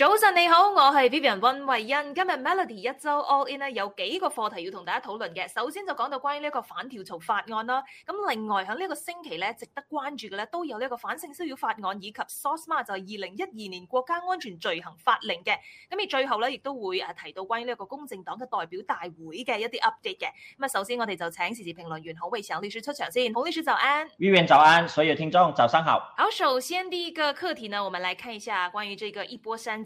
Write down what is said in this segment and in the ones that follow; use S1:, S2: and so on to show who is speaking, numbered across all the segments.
S1: 早晨你好，我係 Vivian 溫慧欣。今日 Melody 一周 All In 呢，有幾個課題要同大家討論嘅。首先就講到關於呢個反跳槽法案啦。咁另外喺呢個星期咧值得關注嘅咧都有呢個反性騷擾法案以及 SOSMA 就係二零一二年國家安全罪行法令嘅。咁亦最後咧亦都會誒提到關於呢個公正黨嘅代表大會嘅一啲 update 嘅。咁啊首先我哋就請時事評論員好為小律師出場先。好律師早安。
S2: Vivian，早安，所有聽眾早上好。
S1: 好，首先第一個課題呢，我們來看一下關於這個一波三。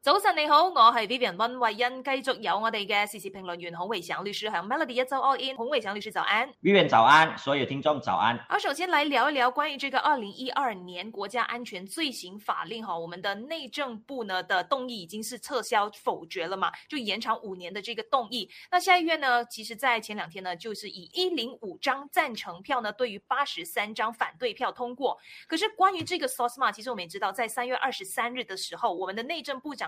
S1: 早晨你好，我係 Vivian 溫慧欣，繼續由我哋嘅 CC 評論員洪偉祥律師還有 Melody 一週 all in，洪偉祥律師早安。
S2: Vivian 早安，所有聽眾早安。
S1: 好，首先來聊一聊關於這個二零一二年國家安全罪行法令哈，我們的內政部呢的動議已經是撤銷否決了嘛，就延長五年的這個動議。那下議院呢，其實，在前兩天呢，就是以一零五張贊成票呢，對於八十三張反對票通過。可是關於這個 SOSMA，其實我們也知道，在三月二十三日的時候，我們的內政部長。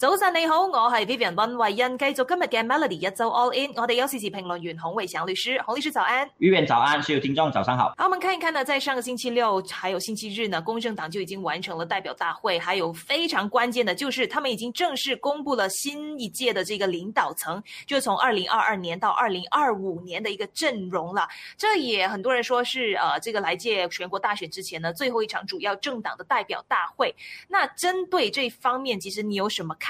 S1: 早晨你好，我係 Vivian 溫慧欣，繼續今日嘅 Melody 一周 All In 我。我哋有時事評論員洪偉祥律師，洪律師早安。雨
S2: 潤早安，所有聽眾早上好。
S1: 好，我們看一看呢，在上個星期六，還有星期日呢，公正黨就已經完成了代表大會，還有非常關鍵的，就是他們已經正式公布了新一屆的這個領導層，就從二零二二年到二零二五年的一個陣容了。這也很多人說是，呃，這個來屆全國大選之前呢，最後一場主要政黨的代表大會。那針對這方面，其實你有什麼看？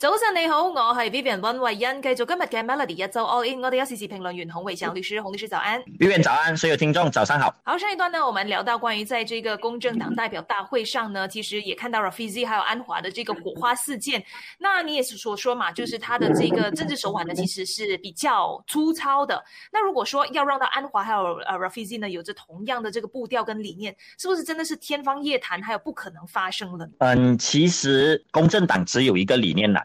S1: 早上你好，我係 Vivian 溫慧欣，繼續今日嘅 Melody 一週 All In，我哋有時事評論員洪偉祥律師，洪律師早安。
S2: Vivian 早安，所有聽眾早上好。
S1: 好，上一段呢，我們聊到關於在這個公正黨代表大會上呢，其實也看到 Rafizi 還有安華的這個火花四濺。那你也是所說嘛，就是他的這個政治手腕呢，其實是比較粗糙的。那如果說要讓到安華還有啊 Rafizi 呢，有着同樣的這個步調跟理念，是不是真的是天方夜譚，還有不可能發生的？嗯，
S2: 其實公正黨只有一個理念啦。